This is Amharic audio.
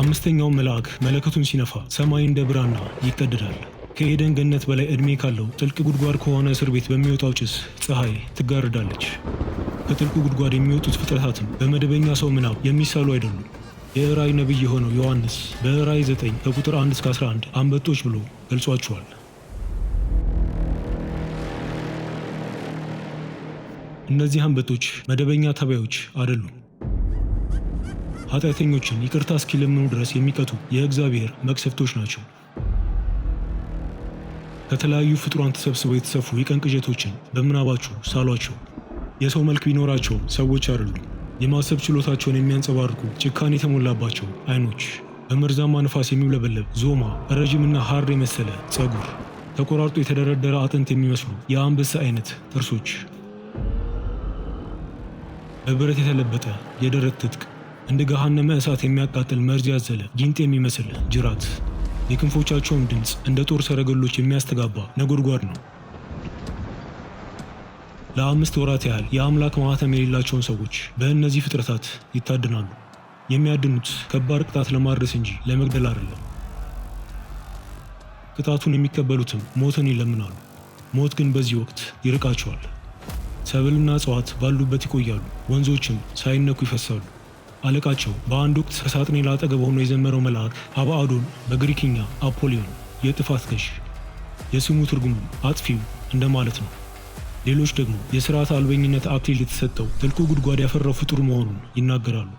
አምስተኛው መልአክ መለከቱን ሲነፋ ሰማይ እንደ ብራና ይቀደዳል። ከኤደን ገነት በላይ ዕድሜ ካለው ጥልቅ ጉድጓድ ከሆነ እስር ቤት በሚወጣው ጭስ ፀሐይ ትጋርዳለች። ከጥልቁ ጉድጓድ የሚወጡት ፍጥረታትም በመደበኛ ሰው ምናብ የሚሳሉ አይደሉም። የእራይ ነቢይ የሆነው ዮሐንስ በእራይ 9 ከቁጥር 1 እስከ 11 አንበጦች ብሎ ገልጿቸዋል። እነዚህ አንበጦች መደበኛ ተባዮች አይደሉም። ኃጢአተኞችን ይቅርታ እስኪለምኑ ድረስ የሚቀጡ የእግዚአብሔር መቅሰፍቶች ናቸው። ከተለያዩ ፍጡራን ተሰብስበው የተሰፉ የቀን ቅዠቶችን በምናባችሁ ሳሏቸው። የሰው መልክ ቢኖራቸው ሰዎች አይደሉም። የማሰብ ችሎታቸውን የሚያንጸባርቁ ጭካኔ የተሞላባቸው አይኖች፣ በመርዛማ ንፋስ የሚውለበለብ ዞማ፣ ረዥምና ሐር የመሰለ ጸጉር፣ ተቆራርጦ የተደረደረ አጥንት የሚመስሉ የአንበሳ አይነት ጥርሶች፣ በብረት የተለበጠ የደረት ትጥቅ እንደ ገሃነመ እሳት የሚያቃጥል መርዝ ያዘለ ጊንጥ የሚመስል ጅራት የክንፎቻቸውን ድምፅ እንደ ጦር ሰረገሎች የሚያስተጋባ ነጎድጓድ ነው። ለአምስት ወራት ያህል የአምላክ ማህተም የሌላቸውን ሰዎች በእነዚህ ፍጥረታት ይታድናሉ። የሚያድኑት ከባድ ቅጣት ለማድረስ እንጂ ለመግደል አይደለም። ቅጣቱን የሚቀበሉትም ሞትን ይለምናሉ። ሞት ግን በዚህ ወቅት ይርቃቸዋል። ሰብልና እጽዋት ባሉበት ይቆያሉ፣ ወንዞችም ሳይነኩ ይፈሳሉ። አለቃቸው በአንድ ወቅት ከሳጥኔል አጠገብ ሆኖ የዘመረው መልአክ አባአዶን በግሪክኛ አፖሊዮን የጥፋት ገዥ፣ የስሙ ትርጉሙ አጥፊው እንደማለት ነው። ሌሎች ደግሞ የሥርዓት አልበኝነት አክሊል የተሰጠው ጥልቁ ጉድጓድ ያፈራው ፍጡር መሆኑን ይናገራሉ።